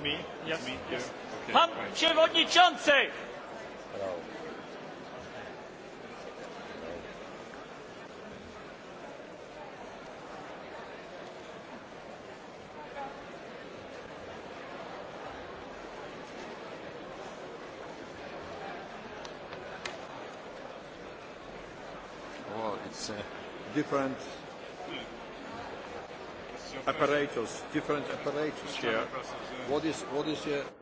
me. Yes. It's me. Yes. Okay. Pan przewodniczący. Oh, it's a different apparatus, different apparatus here. What is, what is your